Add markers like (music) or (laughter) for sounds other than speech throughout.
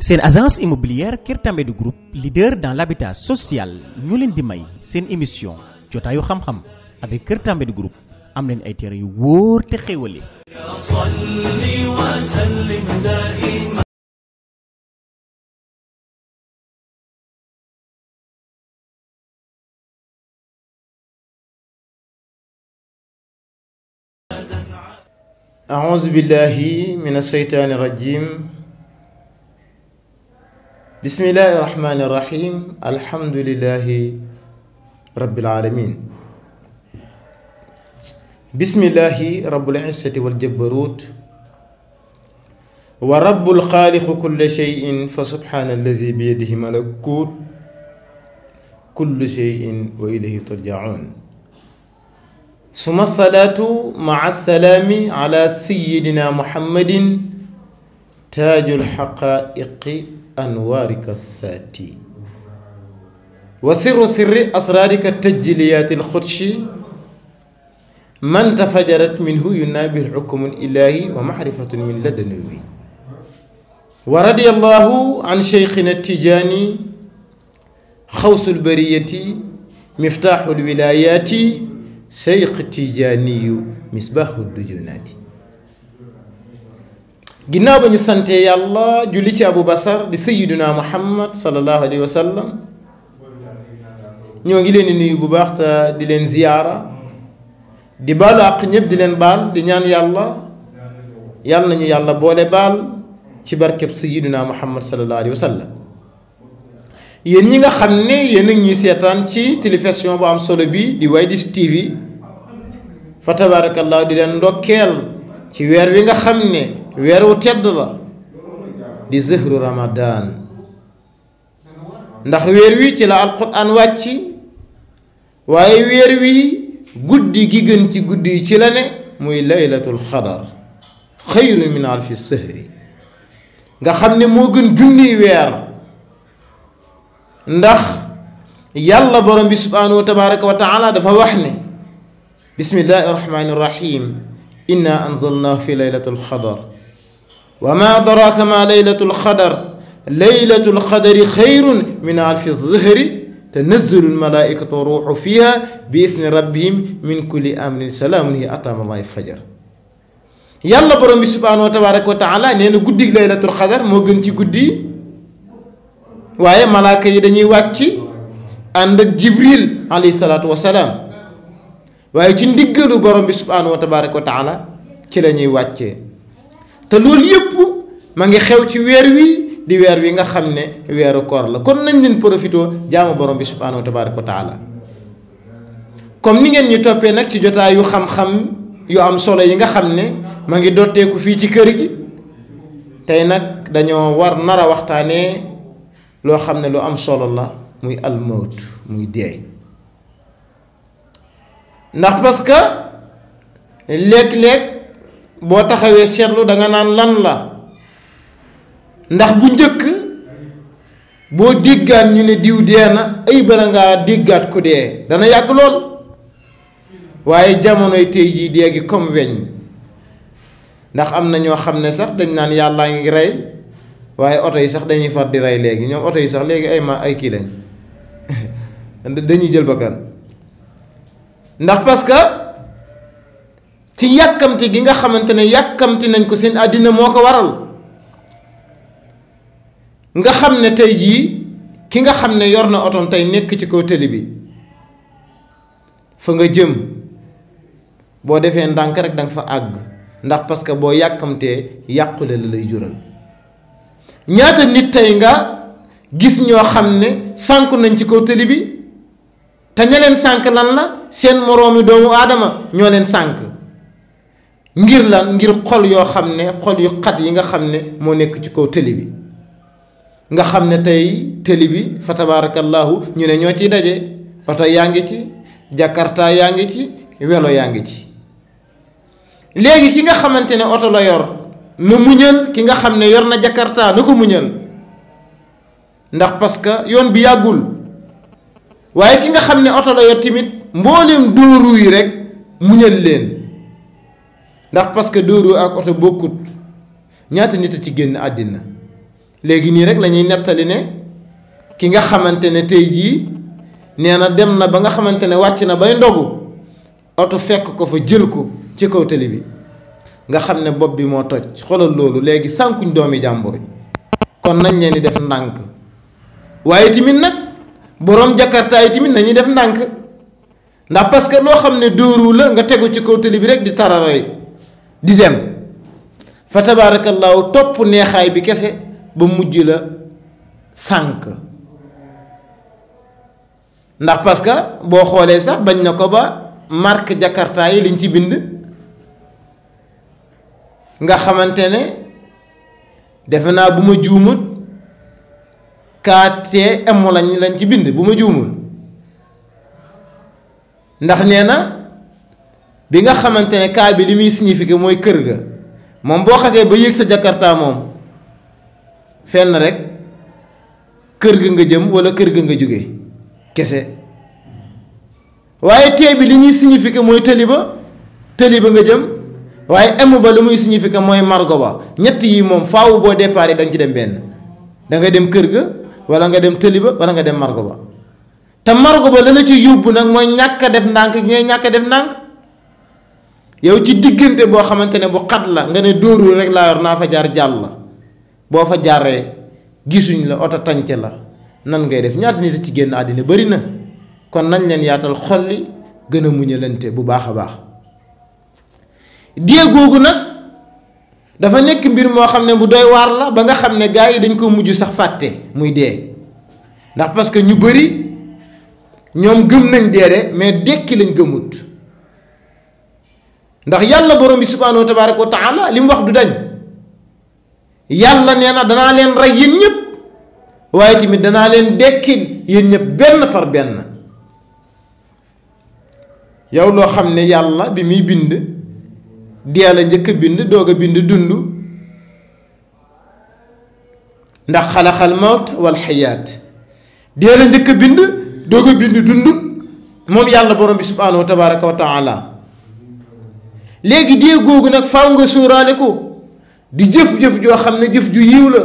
seen agence immobilière Kër Tambédou Group leader dans l'habitat social ñu leen di may seen émission jotaayu xam-xam avec Kër Tambédou Group am leen ay téere yu wóor te xéwale أعوذ بالله من الشيطان الرجيم بسم الله الرحمن الرحيم الحمد لله رب العالمين بسم الله رب العزة والجبروت ورب الخالق كل شيء فسبحان الذي بيده ملكوت كل شيء وإليه ترجعون ثم الصلاة مع السلام على سيدنا محمد تاج الحقائق أنوارك الساتي وسر سر أسرارك التجليات الخرشي من تفجرت منه ينابه الحكم الإلهي ومحرفة من لدنه ورضي الله عن شيخنا التجاني خوص البرية مفتاح الولايات شيخ التجاني مصباح الدجونات ginaaw bañu santé yàlla julli ci abou bassar di sayyiduna Muhammad sallallahu alayhi wasallam ñoo ngi leen di nuyu bu baax ta di leen ziyara di baalu ak ñëpp di leen bal di ñaan yàlla yàlla nañu yàlla boole bal ci barke sayyiduna Muhammad sallallahu alayhi wasallam yéen ñi nga xamne yéen ñi ñuy ci télévision bu am solo bi di Widish TV fa tabarakallah di leen ndokkeel ci wër wi nga xamne ويرو tedd la di zëhru ramadan ndax weer wi ci la alquran wàcc waaye weer wi تي gi gën ci guddi yi ci la ne muy laylatul xadar nga xamne mo gën junniy wër ndax yàlla borom bi wa tabaraka wa taala dafa wax ne bismillahi rahmaani rahim inna anzalna fi laylatil xadar وما أدراك ما ليلة القدر ليلة القدر خير من ألف الظهر تنزل الملائكة والروح فيها بإذن ربهم من كل أمر سلام هي أتام الله الفجر yàlla borom bi subhaanahu wa tabaaraka wa taala nee na guddig laylatul xadar moo gën ci guddi waaye malaaka yi dañuy wàcc ànd ak jibril alayhi salaatu wa salaam waaye ci ndiggalu borom bi subhaanahu wa tabaaraka wa taala ci la ñuy wàccee te lool yépp ma ngi xew ci weer wi di weer wi nga xam ne weeru koor la kon nañ leen profito jaamu borom bi subhanahu wa tabaraka wa taala comme ni ngeen ñu toppee nag ci jotaay yu xam-xam yu am solo yi nga xam ne ma ngi dotteeku fii ci kër gi tey nag dañoo war nar a waxtaanee loo xam ne lu am solo la muy al mawt muy dee ndax parce que léeg-léeg bo taxawé sétlu da nga nan lan la ndax bu njëkk bo déggaat ñu né diw déna ay eh, bala nga déggaat ku da dana yag lool waaye jamono tay ji dee comme wéñ ndax am na ñoo sax dañ nan yalla ngi ray waaye auto yi sax dañuy fa di ray légui ñom auto yi sax légui ay eh, ma ay eh, ki lañ (laughs) dañuy jël bakkan ndax parce que ci yàkkamti gi nga xamante ne yàkkamti nañ ko seen àddina moo ko waral nga xam ne tey jii ki nga xam ne yor na otoom tey nekk ci kaw tëli bi fa nga jëm boo defee ndànk rek danga fa àgg ndax parce que boo yàkkamtee yàqule la lay jural ñaata nit tey nga gis ñoo xam ne sànku nañ ci kaw tëli bi te ña leen sànk lan la seen moroomi doomu aadama ñoo leen sànk ngir lan ngir xol yoo xam ne xol yu xat yi nga xam ne moo nekk ci kaw tëli bi nga xam ne tey tëli bi fa tabaarakallaahu ñu ne ñoo ciy daje oto yaa ngi ci jakarta yaa ngi ci welo yaa ngi ci léegi ki nga xamante ne oto la yor na muñal ki nga xam ne yor na jakarta na ko muñal ndax parce que yoon bi yàggul waaye ki nga xam ne oto la yor tamit mboolem dóoru yi rek muñal leen ndax parce que deux roues ak oto bokkut ñaata nit a ci génn àddina léegi nii rek lañuy nettali ne ki nga xamante ne tey jii nee na dem na ba nga xamante ne wàcc na bay ndogu oto fekk ko fa jël ko ci kaw tali bi nga xam ne bopp bi moo toj xoolal loolu léegi sànkuñ doomi jàmbur kon nañ leen di def ndànk waaye tamit nag boroom jakarta yi tamit nañuy def ndànk ndax parce que loo xam ne deux roues la nga tegu ci kaw tali bi rek di tararay di dem fa tabaarakallaahu topp neexaay bi kese ba mujj la sànq ndax parce que boo xoolee sax bañ na ko ba marque jakarta yi liñ ci bind nga xamante ne defe naa bu ma juumut KTM lañ lañ ci bind bu ma juumul ndax nee bi nga xamantene ka bi limi muy signifié mooy kër ga mom bo xasse ba sa jakarta mom fenn rek kër ga nga jëm wala kër ga nga kese waye tee bi li signifié moy taliba ba ba nga jëm waye emu ba lu muy signifié moy margo ba ñett yi mom faaw bo départ da ci dem ben da nga dem kër ga wala nga dem taliba wala nga dem margo ba te margo ba la la ci yóbbu nak moy ñaka def ndank ñe ñaka def ndank yow ci digënté bo xamantene ne bu xat la nga né dooru rek la yor na fa jaar jàll bo fa jaaré gisuñ la auto tànce la nan ngay def ñaata nit ci génn adina bari na kon nañ leen yaatal xolli gëna a bu baaxa baax dié gogu nak dafa nek mbir mo xam bu doy war la ba nga xam gaay yi dañ ko muju sax faté muy dé ndax parce que ñu bari ñom gëm nañ dé dé mais dékki lañ gëmut ndax yàlla borom bi subhanahu wa tabaaraka wa taala lim wax du dañ yàlla neena dana len ray yéen ñep waye timit dana len dekkil yéen ñep benn par benn yow lo xamne yàlla bi mi bind diala la bind doga bind dundu ndax khalaqal mawt wal hayat diala la bind doga bind dundu mom yàlla borom bi subhanahu wa tabaaraka wa taala léegi dee googu nag faaw nga sóoraale ko di jëf-jëf joo xam ne jëf ju yiw la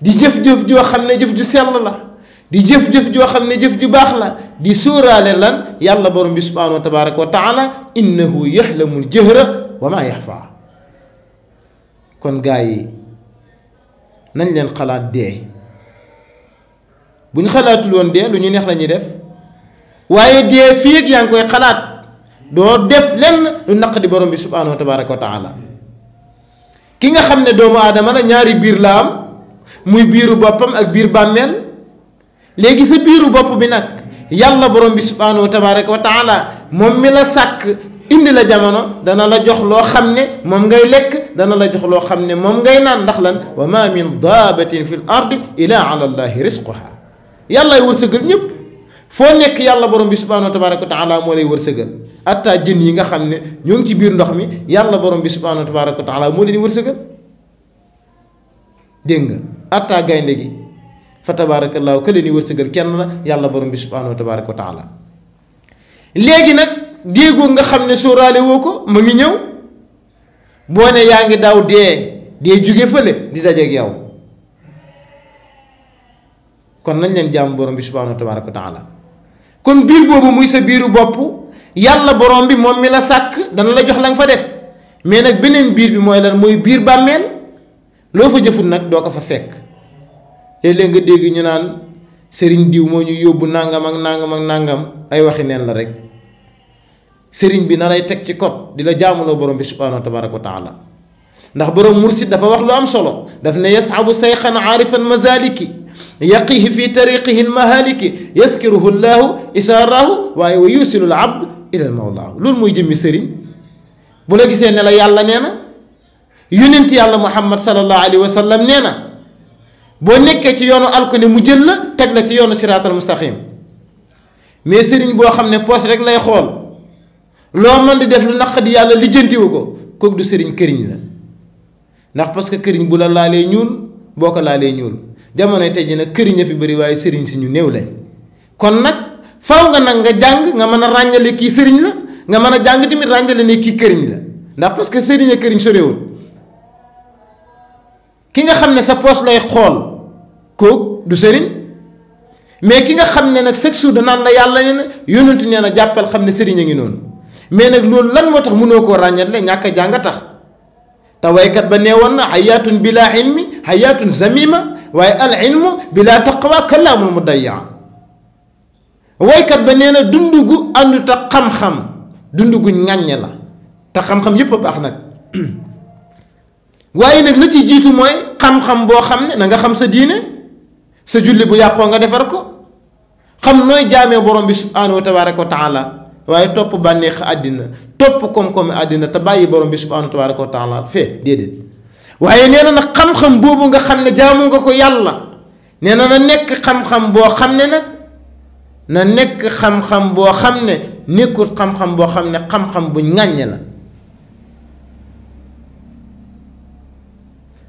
di jëf-jëf joo xam ne jëf ju sell la di jëf-jëf joo xam ne jëf ju baax la di sóoraale lan yàlla borom bi subhanahu wa tabaraka wa taala innahu yaxlamul jëhra wa maa yaxfaa kon gaa yi nañ leen xalaat dee bu ñu xalaatul woon dee lu ñu neex la ñuy def waaye dee fii ak yaa ngi koy xalaat doo def lenn lu naqadi borom bi subhaanahu wa tabaraka wa taala ki nga xam ne doomu aadama la ñaari biir la am muy biiru boppam ak biir bàmmeel léegi sa biiru bopp bi nag yàlla borom bi subhaanahu wa tabaraka wa taala moom mi la sàkk indi la jamono dana la jox loo xam ne ngay lekk dana la jox loo xam ne moom ngay naan ndax lan wa ma min daabatin fi ardi ila ala allahi risquha yàllay wërsëgal ñëpp foo nekk yàlla borom bi subhaanahu tabaaraka wa taala moo lay wërsëgal atta jën yi nga xam ne ñoo ngi ci biir ndox mi yàlla borom bi subhaanahu tabaaraka wa taala moo leen wërsëgal dégg nga atta gaynde gi fa tabaarakallaahu ka leen wërsëgal kenn la yàlla borom bi subhaanahu tabaaraka wa taala léegi nag déegoo nga xam ne sóoraale woo ko ma ngi ñëw boo ne yaa ngi daaw dee dee jóge fële di dajeeg yow kon nañ leen jàmm borom bi subhaanahu tabaaraka wa taala kon bir bobu muy sa biru bop yalla borom bi mom mi la sak dana la jox la fa def mais nak benen bir bi moy lan moy bir bammel lo fa jëfut nak doo ko fa fekk léeg-léeg nga deg ñu naan serigne diw mo ñu yobbu nangam ak nangam ak nangam ay waxi neen la rek serigne bi na lay ci kot di la jaamuloo borom bi subhanahu wa tabaraka taala ndax borom mursid dafa wax lu am solo daf ne yasabu sayxan 'arifan mazaliki يقيه في طريقه المهالك يسكره الله إساره ويوصل العبد إلى المولى لول موي جيمي سيرين بولا غيسه نلا يالا نينا يونت يالا محمد صلى الله عليه وسلم نينا بو نيكي يونو الكوني مو جيل لا تك لا تي يونو صراط المستقيم مي سيرين بو خامني رك لاي خول لو من دي ديف لو نخد يالا لجينتي وكو كوك دو سيرين كيرين لا نخ بولا لا نيول بوكو لا نيول jamono tay dina keur këriñ fi bari way serigne ci ñu neew lañ kon nak faaw nga nag nga jang nga mëna rañale ki serigne la nga mëna jang timi rañale ne kii këriñ la ndax parce que sëriñ a so rewul ki nga xamne sa poos lay xol ko du serigne mais ki nga xamne nak chaque jour nan la yalla ne na neena jappel xamne serigne ngi mais nak lool lan motax mëno ko rañale ñaka تويكت بني ون حياة بلا علم حياة زميمة والعلم بلا تقوى كلام مضيع ويكت بني أنا دندو أن تقم خم دندو نعني لا تقم خم يبقى بأخنا (clears throat) واي نك لتي جيتو موي خم خم بو خم نغا خم سا دين سا بو ياكو نغا خم نوي جامي بروم بي سبحانه وتعالى waye top banex adina top kom kom adina te bàyyi borom bi subhanahu wa taala fee déedéet waaye nee na nag xam-xam bobu nga xamne ne jaamu nga ko yalla neena na nek nekk xam-xam bo xamne nak na nekk xam-xam bo xamne ne xam-xam bo xamne xam-xam bu ngagne la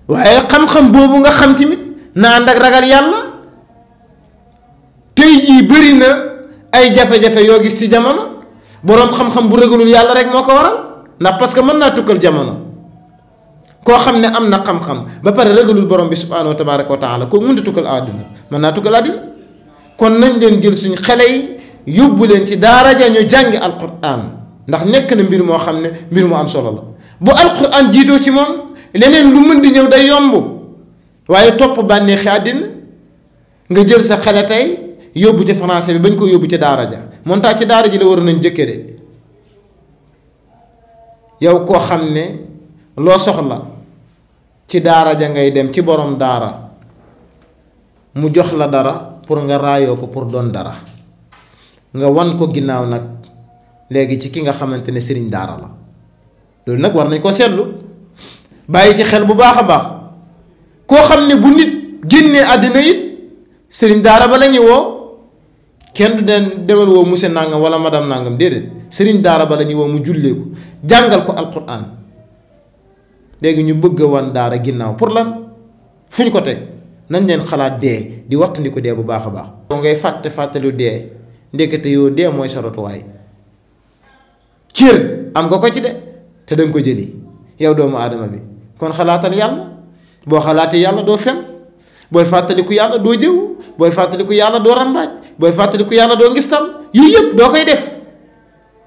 waye xam-xam bobu nga xam timit na andak ragal yalla tey jii bëri na ay jafe-jafe yo gis ci jamono borom xam-xam bu regulul yàlla rek moko waral na parce que man na tukal jamono ko xamne amna xam-xam ba pare regulul borom bi subhanahu wa tabaraka wa taala ko mundu tukal aduna man na tukal àdduna kon nañ leen jël suñu xale yi yóbbu leen ci dara ja ñu jàngi alquran ndax nek na mbir mo xamne mbir mu am solo la bu alquran jido ci mom leneen lu mën di ñëw day yomb waye top banexi adina nga jël sa xale tay yóbbu ci français bi bañ ko yóbbu ci dara ja montage ci daara ji la waroon nañ jëkkee de yow koo xam ne loo soxla ci daara ja ngay dem ci boroom daara mu jox la dara pour nga raayoo ko pour doon dara nga wan ko ginnaaw nag léegi ci ki nga xamante ne sëriñ daara la loolu nag war nañ ko seetlu bàyyi ci xel bu baax a baax koo xam ne bu nit génnee àddina it sëriñ daara ba lañuy woo kenn du den demal woo monsieur nangam wala madame nangam déedéet sëriñ daara ba la ñuy woo mu jullee ko jàngal ko alquran léegi ñu bëgg a wan daara ginnaaw pour lan fiñ ko teg nañ leen xalaat dee di wattandi ko dee bu baax a baax. boo ngay fàtte fàttelu dee ndekete yoo dee mooy sa rotuwaay cër am nga ko ci de te danga ko jëli yow doomu adama bi kon xalaatal yàlla boo xalaatee yàlla doo fen booy fàttaliku yàlla doo jëw booy fàttaliku yàlla doo ràmbaaj booy fàttaliku yàlla doo ngistal yooyu yëpp doo koy def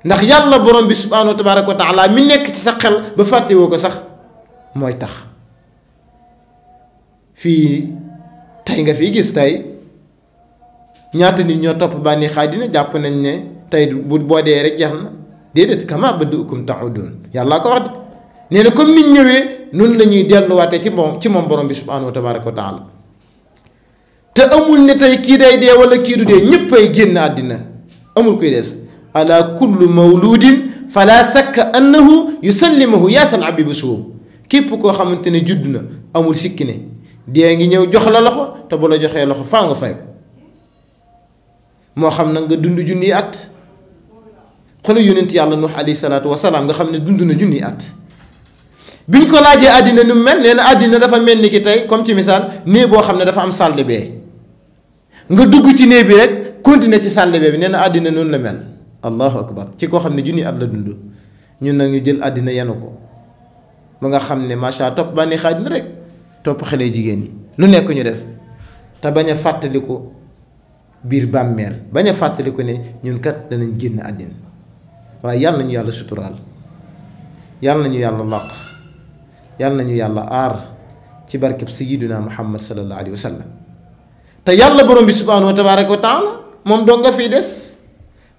ndax yàlla borom bi subhaanahu wa tabaaraka wa taala mi nekk ci sa xel ba fàttewoo ko sax mooy tax fii tey nga fii gis tey ñaata nit ñoo topp bànneex àddina jàpp nañ ne tey bu boo dee rek jeex na déedéet kama bada'akum ta'uuduun yàlla ko wax de nee na comme nit ñëwee noonu la ñuy delluwaatee ci moom ci moom borom bi subhaanahu wa tabaaraka wa taala te amul ne tey kii day dee wala kii du dee ñëppay génn àddina amul kuy des ala kullu mawludin fala sakka annahu yusallimahu yaasal abi bu suub képp koo xamante ne judd na amul sikki ne dee ngi ñëw jox la loxo te bu la joxee loxo faa nga fay ko moo xam nag nga dund junniy at xoolal yonent yàlla nuux alayhi salaatu wasalaam nga xam ne dund na junniy at biñ ko laajee àddina nu mel nee na àddina dafa mel ni ki tey comme ci misaal nii boo xam ne dafa am salle de bain nga dugg ci ne bi rek continuer ci sàlle bi nee na àddina noonu la mel allahu akbar ci koo xam ne junni at la dund ñun nag ñu jël àddina yanu ko ba nga xam ne macha topp bànni xaaj na rek topp xale jigéen yi lu nekk ñu def te bañ a fàttaliku biir bàmmeel bañ a fàttaliku ne ñun kat danañ génn àddina waaye yàlla nañu yàlla suturaal yàlla nañu yàlla laq yàlla nañu yàlla aar ci barkeb sayiduna muhammad sallallahu alayhi wa sallam te yàlla borom bi subhaanahu wa tabaaraka wa taala moom dong nga fiy des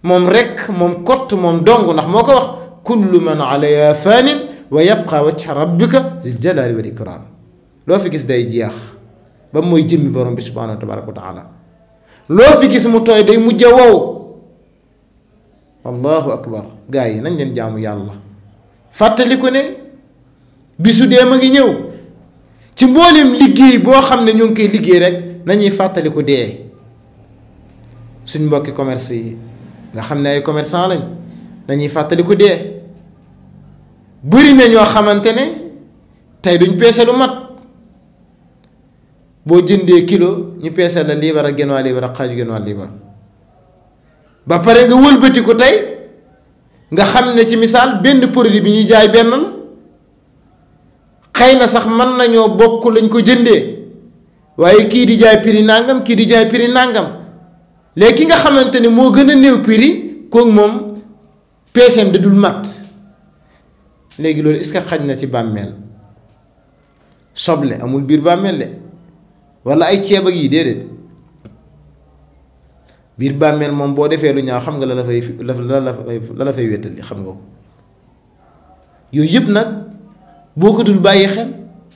moom rekk moom kott moom dong ndax moo ko wax kullu man alayha fanin wa yabqa wajha rabbika zil jalali wal ikram loo fi gis day jeex ba mooy jëmmi borom bi subhaanahu wa tabaaraka wa taala loo fi gis mu tooy day mujj a wow allahu akbar gaa yi nañ leen jaamu yàlla fàttali ko ne bisu dee ma ngi ñëw ci mboolem liggéey boo xam ne ñu ngi koy liggéey rek nañuy fàttaliku dee suñ mbokki commerce yi nga xam ne ay commerçant lañ nañuy fàttaliku dee bëri na ñoo xamante ne tey duñ peese lu mat boo jëndee kilo ñu peese la liibar ak genn waa liibar ak xaaju genn waa liibar ba pare nga wëlbatiku tey nga xam ne ci misaal benn produit bi ñuy jaay benn la xëy na sax mën nañoo bokk lañ ko jëndee waaye kii di jaay prix nangam kii di jaay prix nangam léegi ki nga xamante ne moo gën a néew prix kooku moom peeseem da dul mat léegi loolu est xaj na ci bàmmeel soble amul biir bàmmeel de walla ay ceeb ak yi déedéet biir bàmmeel moom boo defee lu ñaaw xam nga la la fay la la la fay wéttali xam nga ko yooyu yépp nag boo ko dul bàyyi xel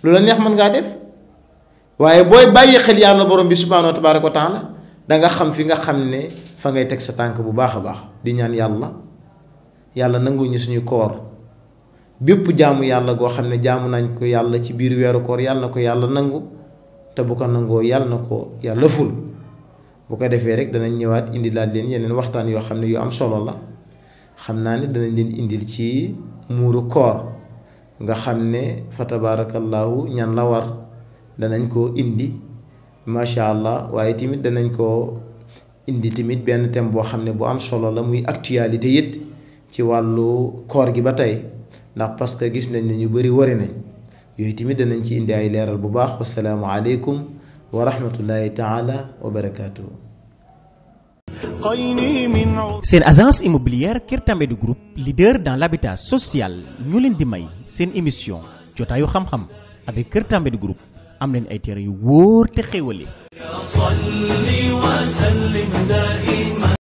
lu la neex mën ngaa def. waye boy baye xel yalla borom bi subhanahu wa tabaaraka wa taala da nga xam fi nga xam ne fa ngay tek sa tank bu baakha a baax di ñaan yalla yalla nangu ñu suñu koor bepp jaamu yalla go xamne ne jaamu nañ ko yalla ci biir weeru koor yalla na ko yàlla nangu te bu ko nango yalla nako ko ful bu ko defé rek dana ñëwaat indilaat leen yeneen waxtaan yo xamne yu am solo la xamna ni dana leen indil ci muru koor nga xamne fa tabaarakallaahu ñan la war danañ ko indi macha allah waaye tamit danañ ko indi timit ben tem bo xamne bu am solo la muy actualité yit ci walu koor gi batay ndax parce que gis nañ ne ñu bari wori nañ yoy timit danañ ci indi ay leral bu baax wasalaamu alaykum wa rahmatullahi taala wa barakaatu. seen agence immobilière Kirtambe du Group leader dans l'habitat social ñu leen di may émission Jotayo xam-xam avec Kirtambe du Group. am leen ay téere yu wóor te xéewale